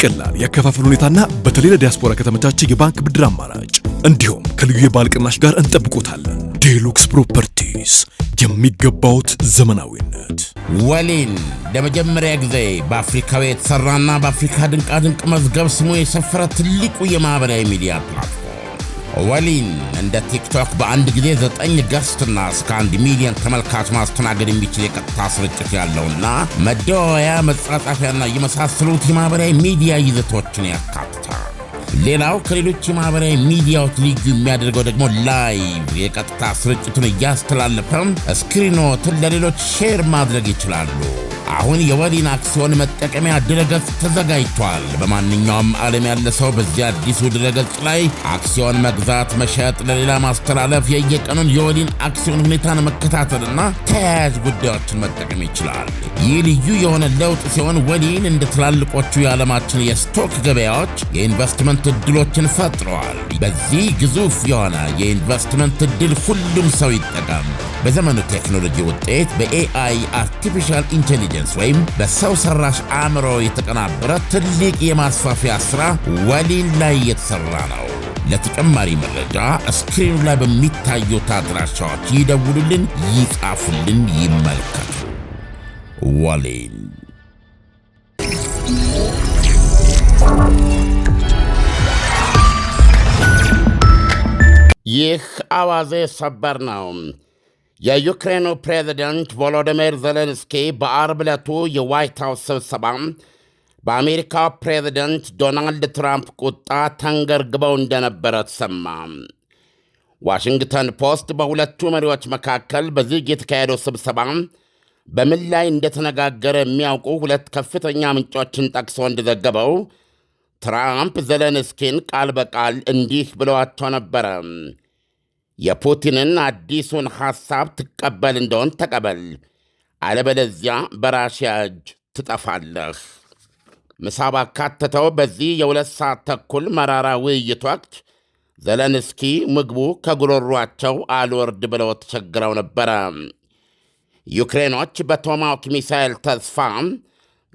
በቀላል ሁኔታ ሁኔታና በተለይ ለዲያስፖራ ከተመቻቸ የባንክ ብድር አማራጭ እንዲሁም ከልዩ የባልቅናሽ ቅናሽ ጋር እንጠብቆታለን። ዴሉክስ ፕሮፐርቲስ የሚገባውት ዘመናዊነት ወሊን ለመጀመሪያ ጊዜ በአፍሪካዊ የተሰራና በአፍሪካ ድንቃድንቅ መዝገብ ስሙ የሰፈረ ትልቁ የማህበራዊ ሚዲያ ፕላትፎርም ወሊን እንደ ቲክቶክ በአንድ ጊዜ ዘጠኝ ገስትና እስከ አንድ ሚሊዮን ተመልካች ማስተናገድ የሚችል የቀጥታ ስርጭት ያለውና መደዋወያ፣ መጻጻፊያና የመሳሰሉት የማህበራዊ ሚዲያ ይዘቶችን ያካትታል። ሌላው ከሌሎች የማህበራዊ ሚዲያዎች ልዩ የሚያደርገው ደግሞ ላይቭ የቀጥታ ስርጭቱን እያስተላለፈም ስክሪኖትን ለሌሎች ሼር ማድረግ ይችላሉ። አሁን የወሊን አክሲዮን መጠቀሚያ ድረገጽ ተዘጋጅቷል። በማንኛውም ዓለም ያለ ሰው በዚህ አዲሱ ድረገጽ ላይ አክሲዮን መግዛት፣ መሸጥ፣ ለሌላ ማስተላለፍ፣ የየቀኑን የወሊን አክሲዮን ሁኔታን መከታተልና ተያያዥ ጉዳዮችን መጠቀም ይችላል። ይህ ልዩ የሆነ ለውጥ ሲሆን ወሊን እንደ ትላልቆቹ የዓለማችን የስቶክ ገበያዎች የኢንቨስትመንት እድሎችን ፈጥረዋል። በዚህ ግዙፍ የሆነ የኢንቨስትመንት እድል ሁሉም ሰው ይጠቀም። በዘመኑ ቴክኖሎጂ ውጤት በኤአይ አርቲፊሻል ኢንቴሊጀንስ ኢንቴሊጀንስ ወይም በሰው ሰራሽ አእምሮ የተቀናበረ ትልቅ የማስፋፊያ ሥራ ወሊል ላይ የተሠራ ነው። ለተጨማሪ መረጃ ስክሪኑ ላይ በሚታዩት አድራሻዎች ይደውሉልን፣ ይጻፉልን፣ ይመልከቱ። ወሊል ይህ አዋዜ ሰበር ነው። የዩክሬኑ ፕሬዚደንት ቮሎዲሚር ዘለንስኪ በአርብ ዕለቱ የዋይት ሃውስ ስብሰባ በአሜሪካው ፕሬዚደንት ዶናልድ ትራምፕ ቁጣ ተንገርግበው እንደነበረ ተሰማ። ዋሽንግተን ፖስት በሁለቱ መሪዎች መካከል በዚህ የተካሄደው ስብሰባ በምን ላይ እንደተነጋገረ የሚያውቁ ሁለት ከፍተኛ ምንጮችን ጠቅሶ እንደዘገበው ትራምፕ ዘለንስኪን ቃል በቃል እንዲህ ብለዋቸው ነበረ። የፑቲንን አዲሱን ሐሳብ ትቀበል እንደሆን ተቀበል፣ አለበለዚያ በራሽያ እጅ ትጠፋለህ። ምሳ ባካተተው በዚህ የሁለት ሰዓት ተኩል መራራ ውይይት ወቅት ዘለንስኪ ምግቡ ከጉሮሯቸው አልወርድ ብለው ተቸግረው ነበረ። ዩክሬኖች በቶማክ ሚሳኤል ተስፋ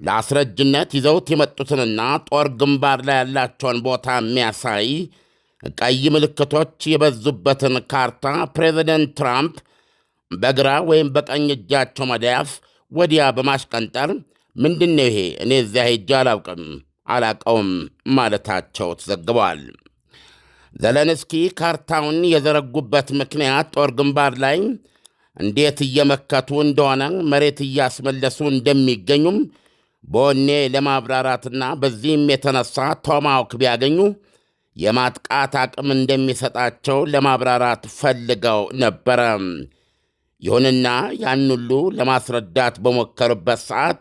ለአስረጅነት ይዘውት የመጡትንና ጦር ግንባር ላይ ያላቸውን ቦታ የሚያሳይ ቀይ ምልክቶች የበዙበትን ካርታ ፕሬዚደንት ትራምፕ በግራ ወይም በቀኝ እጃቸው መዳፍ ወዲያ በማሽቀንጠር ምንድን ነው ይሄ? እኔ እዚያ ሄጄ አላውቅም አላቀውም ማለታቸው ተዘግበዋል። ዘለንስኪ ካርታውን የዘረጉበት ምክንያት ጦር ግንባር ላይ እንዴት እየመከቱ እንደሆነ መሬት እያስመለሱ እንደሚገኙም በወኔ ለማብራራትና በዚህም የተነሳ ቶማሃውክ ቢያገኙ የማጥቃት አቅም እንደሚሰጣቸው ለማብራራት ፈልገው ነበረ። ይሁንና ያን ሁሉ ለማስረዳት በሞከሩበት ሰዓት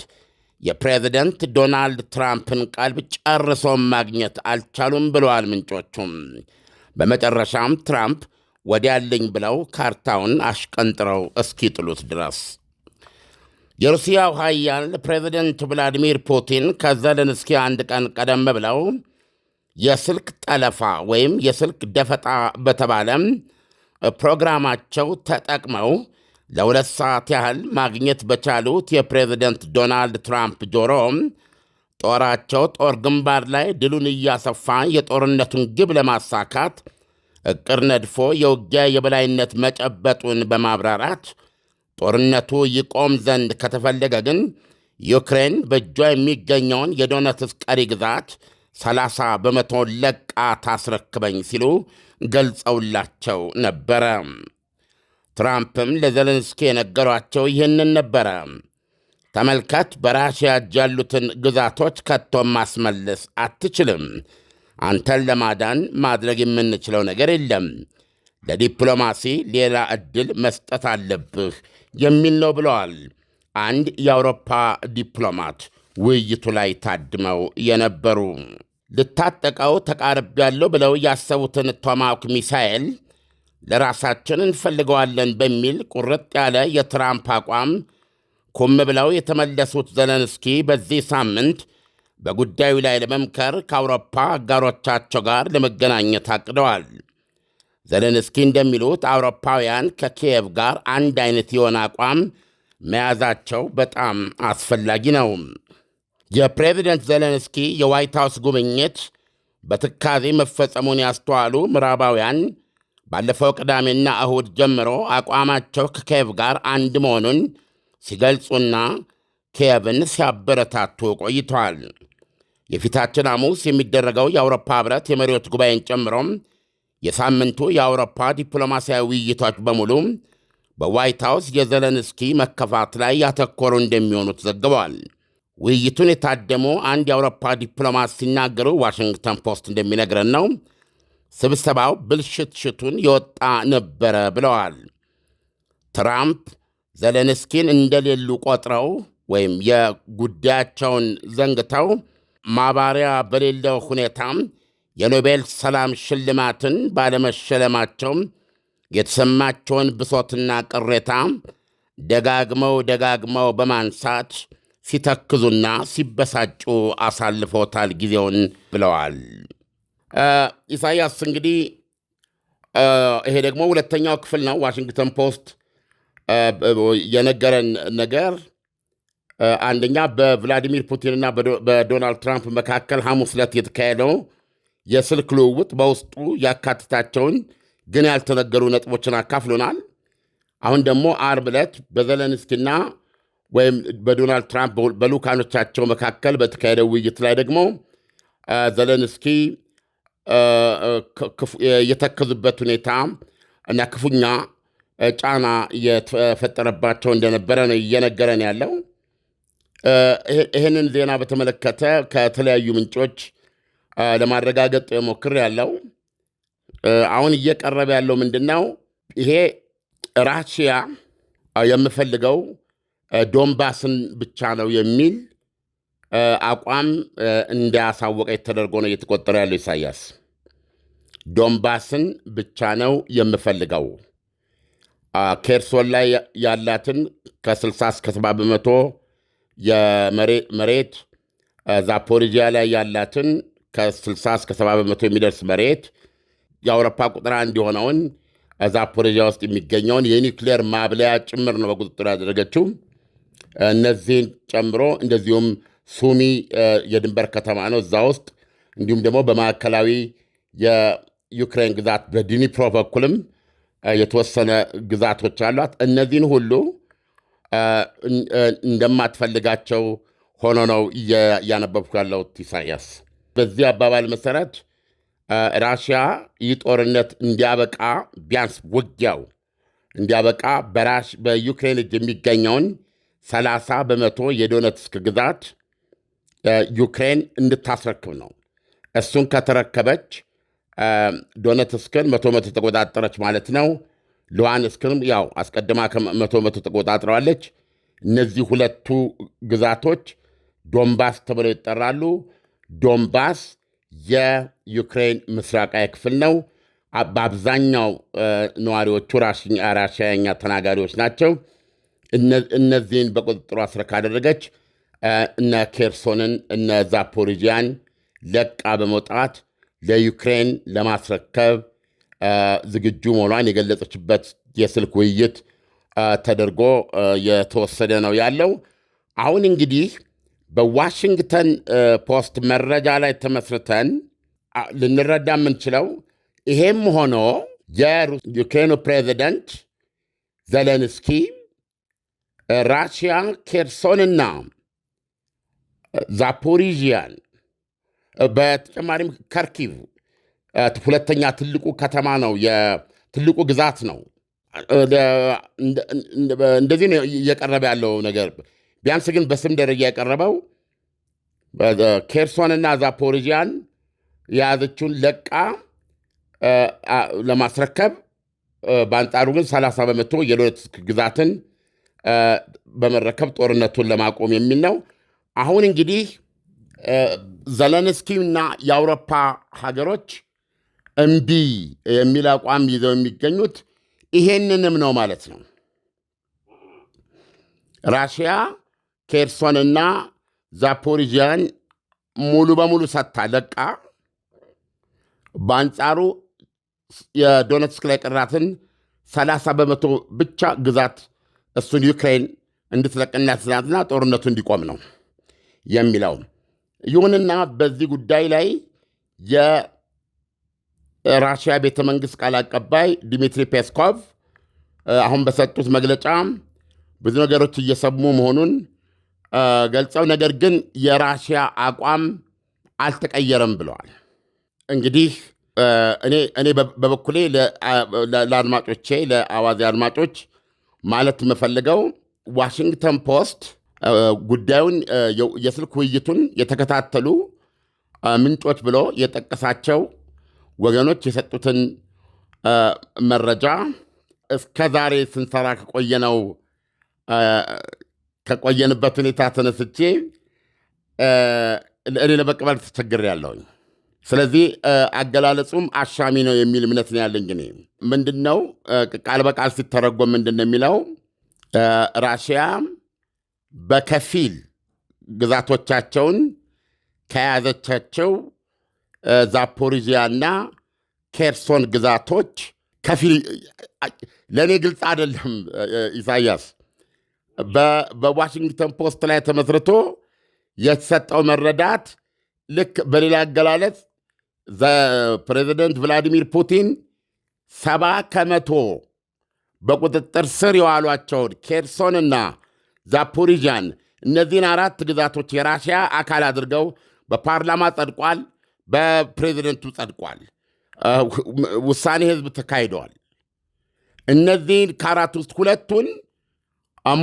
የፕሬዝደንት ዶናልድ ትራምፕን ቀልብ ጨርሶም ማግኘት አልቻሉም ብለዋል ምንጮቹም። በመጨረሻም ትራምፕ ወዲያለኝ ብለው ካርታውን አሽቀንጥረው እስኪጥሉት ድረስ የሩሲያው ኃያል ፕሬዚደንት ቭላዲሚር ፑቲን ከዘለንስኪ አንድ ቀን ቀደም ብለው የስልክ ጠለፋ ወይም የስልክ ደፈጣ በተባለ ፕሮግራማቸው ተጠቅመው ለሁለት ሰዓት ያህል ማግኘት በቻሉት የፕሬዝደንት ዶናልድ ትራምፕ ጆሮ ጦራቸው ጦር ግንባር ላይ ድሉን እያሰፋ የጦርነቱን ግብ ለማሳካት እቅድ ነድፎ የውጊያ የበላይነት መጨበጡን በማብራራት ጦርነቱ ይቆም ዘንድ ከተፈለገ ግን ዩክሬን በእጇ የሚገኘውን የዶነትስ ቀሪ ግዛት 30 በመቶ ለቃ ታስረክበኝ ሲሉ ገልጸውላቸው ነበረ። ትራምፕም ለዘለንስኪ የነገሯቸው ይህንን ነበረ። ተመልከት፣ በራሽያ እጅ ያሉትን ግዛቶች ከቶም ማስመለስ አትችልም። አንተን ለማዳን ማድረግ የምንችለው ነገር የለም። ለዲፕሎማሲ ሌላ ዕድል መስጠት አለብህ የሚል ነው ብለዋል አንድ የአውሮፓ ዲፕሎማት ውይይቱ ላይ ታድመው የነበሩ ልታጠቀው ያለው ብለው ያሰቡትን ቶማሃውክ ሚሳኤል ለራሳችን እንፈልገዋለን በሚል ቁርጥ ያለ የትራምፕ አቋም ኩም ብለው የተመለሱት ዘለንስኪ በዚህ ሳምንት በጉዳዩ ላይ ለመምከር ከአውሮፓ አጋሮቻቸው ጋር ለመገናኘት አቅደዋል። ዘለንስኪ እንደሚሉት አውሮፓውያን ከኪየቭ ጋር አንድ አይነት የሆነ አቋም መያዛቸው በጣም አስፈላጊ ነው። የፕሬዚደንት ዘለንስኪ የዋይት ሃውስ ጉብኝት በትካዜ መፈጸሙን ያስተዋሉ ምዕራባውያን ባለፈው ቅዳሜና እሁድ ጀምሮ አቋማቸው ከኬቭ ጋር አንድ መሆኑን ሲገልጹና ኬቭን ሲያበረታቱ ቆይተዋል። የፊታችን ሐሙስ የሚደረገው የአውሮፓ ኅብረት የመሪዎች ጉባኤን ጨምሮም የሳምንቱ የአውሮፓ ዲፕሎማሲያዊ ውይይቶች በሙሉ በዋይት ሃውስ የዘለንስኪ መከፋት ላይ ያተኮሩ እንደሚሆኑ ተዘግበዋል። ውይይቱን የታደሙ አንድ የአውሮፓ ዲፕሎማት ሲናገሩ ዋሽንግተን ፖስት እንደሚነግረን ነው ስብሰባው ብልሽትሽቱን የወጣ ነበረ ብለዋል። ትራምፕ ዘለንስኪን እንደሌሉ ቆጥረው ወይም የጉዳያቸውን ዘንግተው ማባሪያ በሌለው ሁኔታ የኖቤል ሰላም ሽልማትን ባለመሸለማቸው የተሰማቸውን ብሶትና ቅሬታ ደጋግመው ደጋግመው በማንሳት ሲተክዙና ሲበሳጩ አሳልፈውታል ጊዜውን ብለዋል። ኢሳያስ እንግዲህ ይሄ ደግሞ ሁለተኛው ክፍል ነው። ዋሽንግተን ፖስት የነገረን ነገር አንደኛ በቭላዲሚር ፑቲንና በዶናልድ ትራምፕ መካከል ሐሙስ ዕለት የተካሄደው የስልክ ልውውጥ በውስጡ ያካትታቸውን ግን ያልተነገሩ ነጥቦችን አካፍሎናል። አሁን ደግሞ አርብ ዕለት በዘለንስኪና ወይም በዶናልድ ትራምፕ በሉካኖቻቸው መካከል በተካሄደው ውይይት ላይ ደግሞ ዘለንስኪ የተከዙበት ሁኔታ እና ክፉኛ ጫና የተፈጠረባቸው እንደነበረ ነው እየነገረን ያለው። ይህንን ዜና በተመለከተ ከተለያዩ ምንጮች ለማረጋገጥ ሞክር ያለው አሁን እየቀረበ ያለው ምንድን ነው? ይሄ ራሽያ የምፈልገው ዶንባስን ብቻ ነው የሚል አቋም እንዳያሳወቀ ተደርጎ ነው እየተቆጠረ ያለው። ኢሳያስ ዶንባስን ብቻ ነው የምፈልገው፣ ኬርሶን ላይ ያላትን ከ60 እስከ 70 በመቶ መሬት፣ ዛፖሪጂያ ላይ ያላትን ከ60 እስከ 70 በመቶ የሚደርስ መሬት፣ የአውሮፓ ቁጥር አንድ የሆነውን ዛፖሪጂያ ውስጥ የሚገኘውን የኒውክሌር ማብለያ ጭምር ነው በቁጥጥር ያደረገችው። እነዚህን ጨምሮ እንደዚሁም ሱሚ የድንበር ከተማ ነው። እዛ ውስጥ እንዲሁም ደግሞ በማዕከላዊ የዩክሬን ግዛት በዲኒፕሮ በኩልም የተወሰነ ግዛቶች አሏት። እነዚህን ሁሉ እንደማትፈልጋቸው ሆኖ ነው እያነበብኩ ያለሁት። ኢሳያስ፣ በዚህ አባባል መሰረት ራሽያ ይህ ጦርነት እንዲያበቃ ቢያንስ ውጊያው እንዲያበቃ በዩክሬን እጅ የሚገኘውን 30 በመቶ የዶነትስክ ግዛት ዩክሬን እንድታስረክብ ነው። እሱን ከተረከበች ዶነትስክን መቶ መቶ ተቆጣጠረች ማለት ነው። ሉሃንስክንም ያው አስቀድማ መቶ መቶ ተቆጣጥረዋለች። እነዚህ ሁለቱ ግዛቶች ዶንባስ ተብለው ይጠራሉ። ዶንባስ የዩክሬን ምስራቃዊ ክፍል ነው። በአብዛኛው ነዋሪዎቹ ራሽኛ ተናጋሪዎች ናቸው። እነዚህን በቁጥጥሩ ስር ካደረገች እነ ኬርሶንን እነ ዛፖሪጂያን ለቃ በመውጣት ለዩክሬን ለማስረከብ ዝግጁ መሆኗን የገለጸችበት የስልክ ውይይት ተደርጎ የተወሰደ ነው ያለው። አሁን እንግዲህ በዋሽንግተን ፖስት መረጃ ላይ ተመስርተን ልንረዳ የምንችለው ይሄም ሆኖ የዩክሬኑ ፕሬዚደንት ዘለንስኪ ራሽያን ኬርሶንና ዛፖሪዥያን በተጨማሪም ከርኪቭ ሁለተኛ ትልቁ ከተማ ነው፣ የትልቁ ግዛት ነው። እንደዚህ ነው እየቀረበ ያለው ነገር። ቢያንስ ግን በስም ደረጃ የቀረበው ኬርሶንና ዛፖሪዥያን የያዘችውን ለቃ ለማስረከብ፣ በአንጻሩ ግን 30 በመቶ የሎት ግዛትን በመረከብ ጦርነቱን ለማቆም የሚል ነው። አሁን እንግዲህ ዘለንስኪ እና የአውሮፓ ሀገሮች እምቢ የሚል አቋም ይዘው የሚገኙት ይሄንንም ነው ማለት ነው። ራሽያ ኬርሶንና ዛፖሪጂያን ሙሉ በሙሉ ሰጥታ ለቃ፣ በአንጻሩ የዶነትስክ ላይ ቅራትን 30 በመቶ ብቻ ግዛት እሱን ዩክሬን እንድትለቅና ትናንትና ጦርነቱ እንዲቆም ነው የሚለው። ይሁንና በዚህ ጉዳይ ላይ የራሽያ ቤተ መንግስት ቃል አቀባይ ዲሚትሪ ፔስኮቭ አሁን በሰጡት መግለጫ ብዙ ነገሮች እየሰሙ መሆኑን ገልጸው፣ ነገር ግን የራሽያ አቋም አልተቀየረም ብለዋል። እንግዲህ እኔ በበኩሌ ለአድማጮቼ ለአዋዜ አድማጮች ማለት የምፈልገው ዋሽንግተን ፖስት ጉዳዩን የስልክ ውይይቱን የተከታተሉ ምንጮች ብሎ የጠቀሳቸው ወገኖች የሰጡትን መረጃ እስከ ዛሬ ስንሰራ ከቆየነው ከቆየንበት ሁኔታ ተነስቼ እኔ ለመቀበል ተቸግሬ ያለሁኝ። ስለዚህ አገላለጹም አሻሚ ነው የሚል እምነት ነው ያለኝ። እኔ ምንድን ነው ቃል በቃል ሲተረጎም ምንድን ነው የሚለው ራሽያ በከፊል ግዛቶቻቸውን ከያዘቻቸው ዛፖሪዚያና ኬርሶን ግዛቶች ከፊል ለእኔ ግልጽ አይደለም። ኢሳያስ በዋሽንግተን ፖስት ላይ ተመስርቶ የተሰጠው መረዳት ልክ በሌላ አገላለጽ ፕሬዚደንት ቭላዲሚር ፑቲን ሰባ ከመቶ በቁጥጥር ስር የዋሏቸውን ኬርሶንና ዛፖሪዣን እነዚህን አራት ግዛቶች የራሽያ አካል አድርገው በፓርላማ ጸድቋል፣ በፕሬዚደንቱ ጸድቋል። ውሳኔ ህዝብ ተካሂደዋል። እነዚህን ከአራት ውስጥ ሁለቱን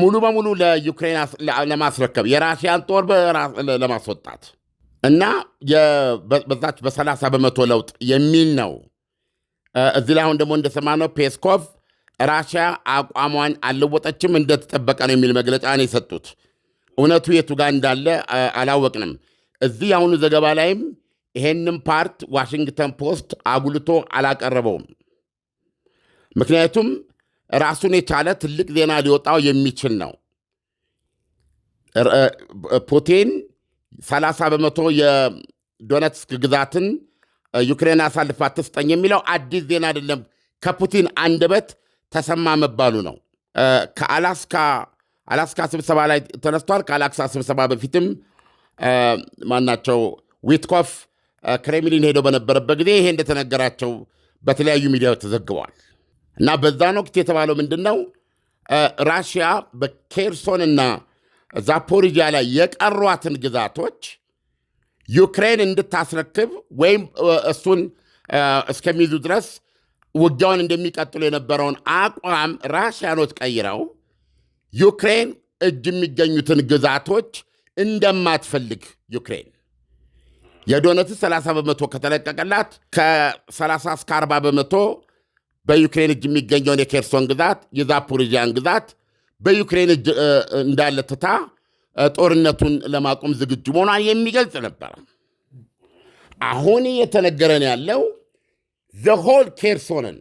ሙሉ በሙሉ ለዩክሬን ለማስረከብ የራሽያን ጦር ለማስወጣት እና በዛች በ30 በመቶ ለውጥ የሚል ነው። እዚህ ላይ አሁን ደግሞ እንደሰማነው ፔስኮቭ ራሽያ አቋሟን አልለወጠችም እንደተጠበቀ ነው የሚል መግለጫ ነው የሰጡት። እውነቱ የቱ ጋር እንዳለ አላወቅንም። እዚህ የአሁኑ ዘገባ ላይም ይሄንም ፓርት ዋሽንግተን ፖስት አጉልቶ አላቀረበውም። ምክንያቱም ራሱን የቻለ ትልቅ ዜና ሊወጣው የሚችል ነው ፑቲን ሰላሳ በመቶ የዶነትስክ ግዛትን ዩክሬን አሳልፋ አትስጠኝ የሚለው አዲስ ዜና አይደለም። ከፑቲን አንደበት ተሰማ መባሉ ነው። ከአላስካ አላስካ ስብሰባ ላይ ተነስቷል። ከአላስካ ስብሰባ በፊትም ማናቸው ዊትኮፍ ክሬምሊን ሄደው በነበረበት ጊዜ ይሄ እንደተነገራቸው በተለያዩ ሚዲያዎች ተዘግበዋል። እና በዛን ወቅት የተባለው ምንድን ነው ራሽያ በኬርሶንና ዛፖሪጃ ላይ የቀሯትን ግዛቶች ዩክሬን እንድታስረክብ ወይም እሱን እስከሚይዙ ድረስ ውጊያውን እንደሚቀጥሉ የነበረውን አቋም ራሽያኖች ቀይረው ዩክሬን እጅ የሚገኙትን ግዛቶች እንደማትፈልግ ዩክሬን የዶነት 30 በመቶ ከተለቀቀላት ከ30 እስከ 40 በመቶ በዩክሬን እጅ የሚገኘውን የኬርሶን ግዛት የዛፖሪጂያን ግዛት በዩክሬን እጅ እንዳለ ትታ ጦርነቱን ለማቆም ዝግጁ መሆኗን የሚገልጽ ነበር። አሁን እየተነገረን ያለው ዘሆል ኬርሶንን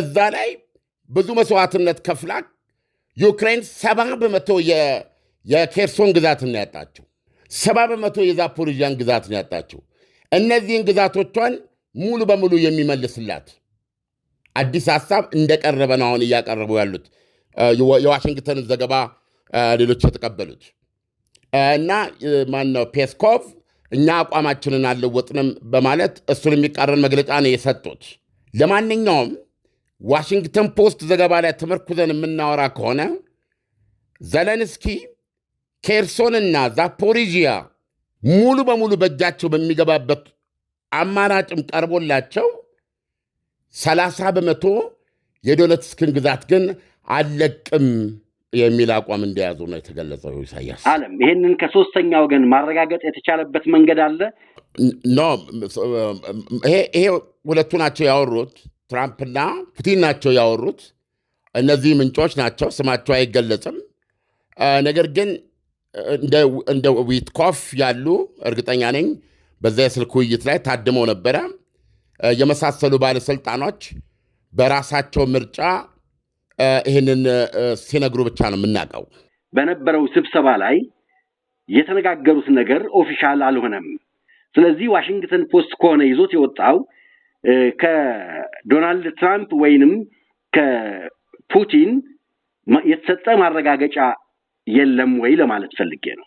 እዛ ላይ ብዙ መስዋዕትነት ከፍላ ዩክሬን ሰባ በመቶ የኬርሶን ግዛት ነው ያጣቸው። ሰባ በመቶ የዛፖሪዣን ግዛት ነው ያጣቸው። እነዚህን ግዛቶቿን ሙሉ በሙሉ የሚመልስላት አዲስ ሀሳብ እንደቀረበ ነው አሁን እያቀረቡ ያሉት። የዋሽንግተንን ዘገባ ሌሎች የተቀበሉት እና ማነው ፔስኮቭ እኛ አቋማችንን አልለወጥንም በማለት እሱን የሚቃረን መግለጫ ነው የሰጡት። ለማንኛውም ዋሽንግተን ፖስት ዘገባ ላይ ተመርኩዘን የምናወራ ከሆነ ዘለንስኪ ኬርሶንና ዛፖሪዥያ ሙሉ በሙሉ በእጃቸው በሚገባበት አማራጭም ቀርቦላቸው 30 በመቶ የዶነትስክን ግዛት ግን አለቅም የሚል አቋም እንደያዙ ነው የተገለጸው። ኢሳያስ አለም ይህንን ከሶስተኛ ወገን ማረጋገጥ የተቻለበት መንገድ አለ። ኖ ይሄ ሁለቱ ናቸው ያወሩት፣ ትራምፕና ፑቲን ናቸው ያወሩት። እነዚህ ምንጮች ናቸው፣ ስማቸው አይገለጽም። ነገር ግን እንደ ዊትኮፍ ያሉ እርግጠኛ ነኝ በዛ የስልክ ውይይት ላይ ታድመው ነበረ የመሳሰሉ ባለስልጣኖች በራሳቸው ምርጫ ይህንን ሲነግሩ ብቻ ነው የምናውቀው። በነበረው ስብሰባ ላይ የተነጋገሩት ነገር ኦፊሻል አልሆነም። ስለዚህ ዋሽንግተን ፖስት ከሆነ ይዞት የወጣው ከዶናልድ ትራምፕ ወይንም ከፑቲን የተሰጠ ማረጋገጫ የለም ወይ ለማለት ፈልጌ ነው።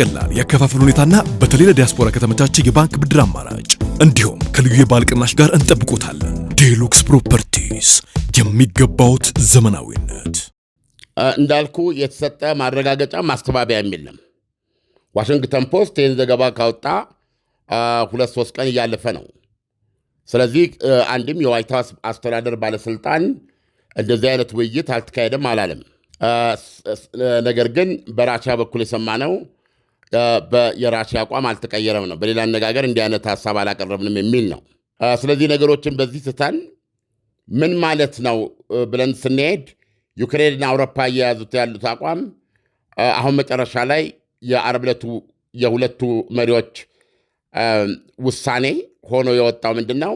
በቀላል የአከፋፈል ሁኔታና በተለይ ለዲያስፖራ ከተመቻቸ የባንክ ብድር አማራጭ እንዲሁም ከልዩ የበዓል ቅናሽ ጋር እንጠብቆታለን። ዴሉክስ ፕሮፐርቲስ የሚገባውት ዘመናዊነት እንዳልኩ የተሰጠ ማረጋገጫ ማስተባበያ የለም። ዋሽንግተን ፖስት ይህን ዘገባ ካወጣ ሁለት ሶስት ቀን እያለፈ ነው። ስለዚህ አንድም የዋይት ሀውስ አስተዳደር ባለስልጣን እንደዚህ አይነት ውይይት አልተካሄደም አላለም። ነገር ግን በራቻ በኩል የሰማነው የራሺያ አቋም አልተቀየረም ነው። በሌላ አነጋገር እንዲህ አይነት ሀሳብ አላቀረብንም የሚል ነው። ስለዚህ ነገሮችን በዚህ ትተን ምን ማለት ነው ብለን ስንሄድ ዩክሬንና አውሮፓ እየያዙት ያሉት አቋም አሁን መጨረሻ ላይ የአርብ ዕለቱ የሁለቱ መሪዎች ውሳኔ ሆኖ የወጣው ምንድን ነው?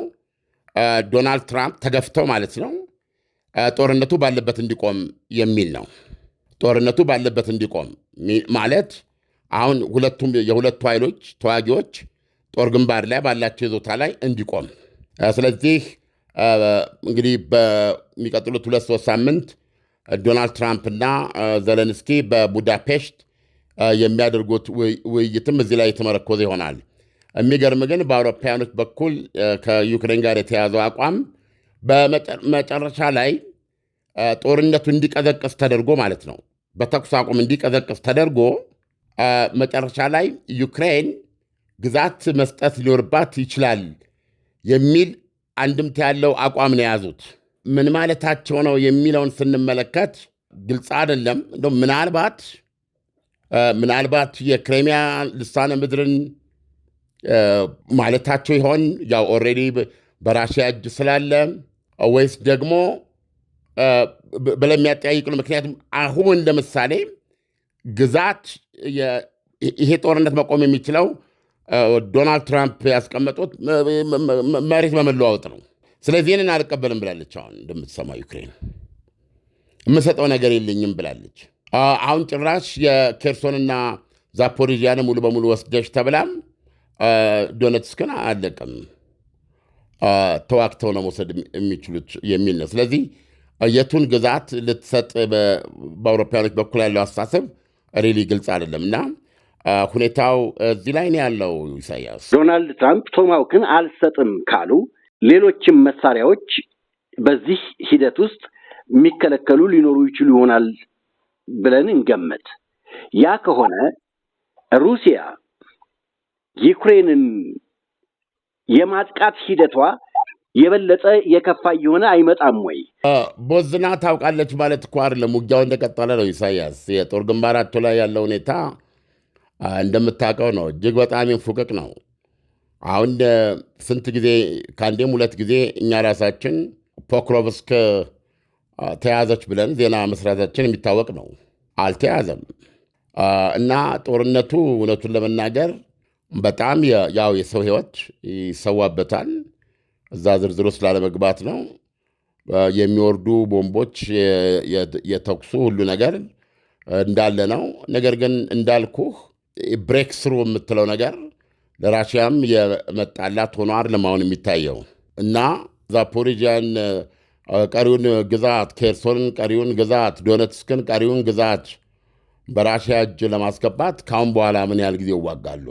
ዶናልድ ትራምፕ ተገፍተው ማለት ነው ጦርነቱ ባለበት እንዲቆም የሚል ነው። ጦርነቱ ባለበት እንዲቆም ማለት አሁን ሁለቱም የሁለቱ ኃይሎች ተዋጊዎች ጦር ግንባር ላይ ባላቸው ይዞታ ላይ እንዲቆም ስለዚህ እንግዲህ በሚቀጥሉት ሁለት ሶስት ሳምንት ዶናልድ ትራምፕ እና ዘለንስኪ በቡዳፔሽት የሚያደርጉት ውይይትም እዚህ ላይ የተመረኮዘ ይሆናል። የሚገርም ግን በአውሮፓውያኖች በኩል ከዩክሬን ጋር የተያዘው አቋም በመጨረሻ ላይ ጦርነቱ እንዲቀዘቅስ ተደርጎ ማለት ነው፣ በተኩስ አቁም እንዲቀዘቅስ ተደርጎ መጨረሻ ላይ ዩክሬን ግዛት መስጠት ሊኖርባት ይችላል የሚል አንድምት ያለው አቋም ነው የያዙት። ምን ማለታቸው ነው የሚለውን ስንመለከት ግልጽ አይደለም። እንደውም ምናልባት ምናልባት የክሬሚያ ልሳነ ምድርን ማለታቸው ይሆን ያው ኦልሬዲ በራሽያ እጅ ስላለ ወይስ ደግሞ ነው ምክንያቱም አሁን ለምሳሌ ግዛት ይሄ ጦርነት መቆም የሚችለው ዶናልድ ትራምፕ ያስቀመጡት መሬት በመለዋወጥ ነው። ስለዚህ ይህንን አልቀበልም ብላለች። አሁን እንደምትሰማ ዩክሬን የምሰጠው ነገር የለኝም ብላለች። አሁን ጭራሽ የኬርሶንና ዛፖሪዚያን ሙሉ በሙሉ ወስደሽ ተብላም ዶነትስክን አለቅም ተዋግተው ነው መውሰድ የሚችሉት የሚል ነው። ስለዚህ የቱን ግዛት ልትሰጥ በአውሮፓያኖች በኩል ያለው አስተሳሰብ ሪሊ ግልጽ አይደለም እና ሁኔታው እዚህ ላይ ነው ያለው። ኢሳያስ ዶናልድ ትራምፕ ቶማውክን አልሰጥም ካሉ ሌሎችም መሳሪያዎች በዚህ ሂደት ውስጥ የሚከለከሉ ሊኖሩ ይችሉ ይሆናል ብለን እንገመት። ያ ከሆነ ሩሲያ ዩክሬንን የማጥቃት ሂደቷ የበለጠ የከፋ እየሆነ አይመጣም ወይ? ቦዝና ታውቃለች ማለት እኮ አይደለም። ውጊያው እንደቀጠለ ነው። ኢሳያስ የጦር ግንባራቱ ላይ ያለው ሁኔታ እንደምታውቀው ነው። እጅግ በጣም ፉቅቅ ነው። አሁን ስንት ጊዜ ከአንዴም ሁለት ጊዜ እኛ ራሳችን ፖክሮቭስክ ተያዘች ብለን ዜና መስራታችን የሚታወቅ ነው። አልተያዘም እና ጦርነቱ እውነቱን ለመናገር በጣም ያው የሰው ሕይወት ይሰዋበታል። እዛ ውስጥ ስላለመግባት ነው። የሚወርዱ ቦምቦች፣ የተኩሱ ሁሉ ነገር እንዳለ ነው። ነገር ግን እንዳልኩህ ብሬክ ስሩ የምትለው ነገር ለራሽያም የመጣላት ሆኖ አይደለም አሁን የሚታየው እና ዛፖሪጃን ቀሪውን ግዛት ኬርሶንን፣ ቀሪውን ግዛት ዶነትስክን፣ ቀሪውን ግዛት በራሽያ እጅ ለማስገባት ካሁን በኋላ ምን ያህል ጊዜ ይዋጋሉ?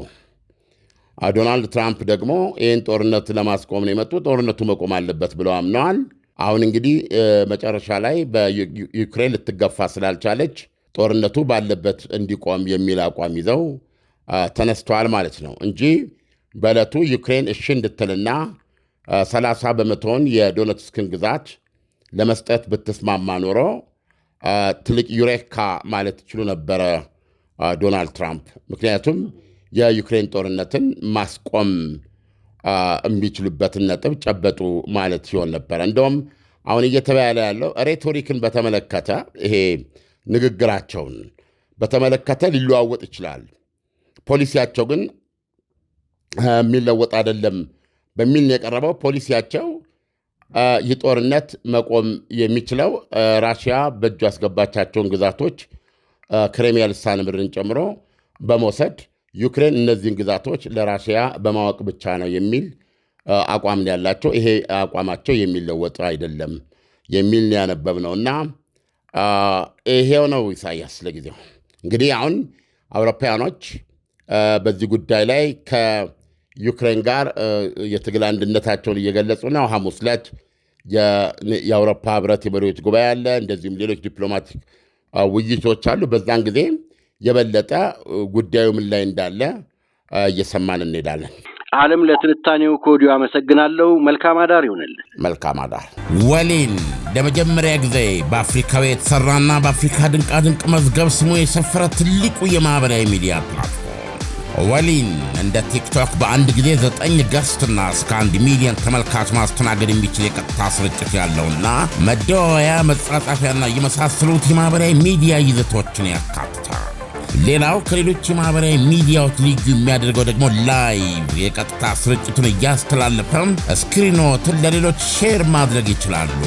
ዶናልድ ትራምፕ ደግሞ ይህን ጦርነት ለማስቆም ነው የመጡ ጦርነቱ መቆም አለበት ብለው አምነዋል። አሁን እንግዲህ መጨረሻ ላይ በዩክሬን ልትገፋ ስላልቻለች ጦርነቱ ባለበት እንዲቆም የሚል አቋም ይዘው ተነስተዋል ማለት ነው እንጂ በዕለቱ ዩክሬን እሺ እንድትልና 30 በመቶውን የዶነትስክን ግዛት ለመስጠት ብትስማማ ኖሮ ትልቅ ዩሬካ ማለት ይችሉ ነበረ ዶናልድ ትራምፕ ምክንያቱም የዩክሬን ጦርነትን ማስቆም የሚችሉበትን ነጥብ ጨበጡ ማለት ሲሆን ነበረ። እንደውም አሁን እየተባለ ያለው ሬቶሪክን በተመለከተ ይሄ ንግግራቸውን በተመለከተ ሊለዋወጥ ይችላል። ፖሊሲያቸው ግን የሚለወጥ አይደለም በሚል ነው የቀረበው። ፖሊሲያቸው ይህ ጦርነት መቆም የሚችለው ራሽያ በእጁ ያስገባቻቸውን ግዛቶች ክሬሚያ ልሳነ ምድርን ጨምሮ በመውሰድ ዩክሬን እነዚህን ግዛቶች ለራሽያ በማወቅ ብቻ ነው የሚል አቋም ያላቸው። ይሄ አቋማቸው የሚለወጠ አይደለም የሚል ያነበብ ነው እና ይሄው ነው ኢሳያስ። ለጊዜው እንግዲህ አሁን አውሮፓያኖች በዚህ ጉዳይ ላይ ከዩክሬን ጋር የትግል አንድነታቸውን እየገለጹ ነው። ሐሙስ ዕለት የአውሮፓ ህብረት የመሪዎች ጉባኤ አለ። እንደዚሁም ሌሎች ዲፕሎማቲክ ውይይቶች አሉ። በዛን ጊዜ የበለጠ ጉዳዩ ምን ላይ እንዳለ እየሰማን እንሄዳለን። አለም ለትንታኔው ከወዲሁ አመሰግናለሁ። መልካም አዳር ይሆነልን። መልካም አዳር። ወሊን ለመጀመሪያ ጊዜ በአፍሪካዊ የተሰራና በአፍሪካ ድንቃድንቅ መዝገብ ስሙ የሰፈረ ትልቁ የማህበራዊ ሚዲያ ፕላትፎርም ወሊን እንደ ቲክቶክ በአንድ ጊዜ ዘጠኝ ገስትና እስከ አንድ ሚሊዮን ተመልካች ማስተናገድ የሚችል የቀጥታ ስርጭት ያለውና መደዋወያ፣ መጻጻፊያና የመሳሰሉት የማህበራዊ ሚዲያ ይዘቶችን ያካል ሌላው ከሌሎች የማህበራዊ ሚዲያዎች ልዩ የሚያደርገው ደግሞ ላይቭ የቀጥታ ስርጭቱን እያስተላለፈም ስክሪኖትን ለሌሎች ሼር ማድረግ ይችላሉ።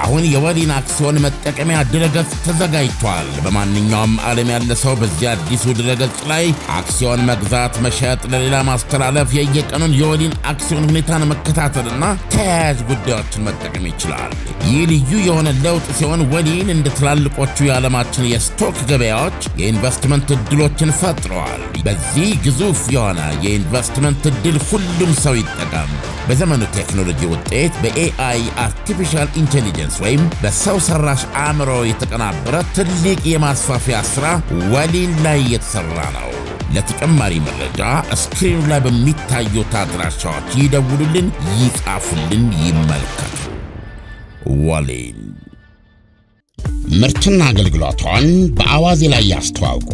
አሁን የወሊን አክሲዮን መጠቀሚያ ድረገጽ ተዘጋጅቷል። በማንኛውም ዓለም ያለ ሰው በዚህ አዲሱ ድረገጽ ላይ አክሲዮን መግዛት፣ መሸጥ፣ ለሌላ ማስተላለፍ፣ የየቀኑን የወሊን አክሲዮን ሁኔታን መከታተልና ተያያዥ ጉዳዮችን መጠቀም ይችላል። ይህ ልዩ የሆነ ለውጥ ሲሆን ወሊን እንደ ትላልቆቹ የዓለማችን የስቶክ ገበያዎች የኢንቨስትመንት እድሎችን ፈጥረዋል። በዚህ ግዙፍ የሆነ የኢንቨስትመንት እድል ሁሉም ሰው ይጠቀም። በዘመኑ ቴክኖሎጂ ውጤት በኤአይ አርቲፊሻል ኢንቴሊጀንስ ኢንቴሊጀንስ ወይም በሰው ሰራሽ አእምሮ የተቀናበረ ትልቅ የማስፋፊያ ሥራ ወሊል ላይ የተሠራ ነው። ለተጨማሪ መረጃ ስክሪኑ ላይ በሚታዩት አድራሻዎች ይደውሉልን፣ ይጻፉልን፣ ይመልከቱ። ወሊል ምርትና አገልግሎቷን በአዋዜ ላይ ያስተዋውቁ።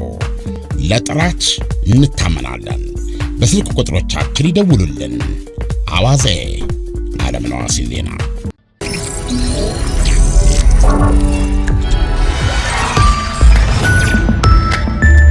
ለጥራች እንታመናለን። በስልክ ቁጥሮቻችን ይደውሉልን። አዋዜ አለምነህ ዋሴ ዜና Thank you.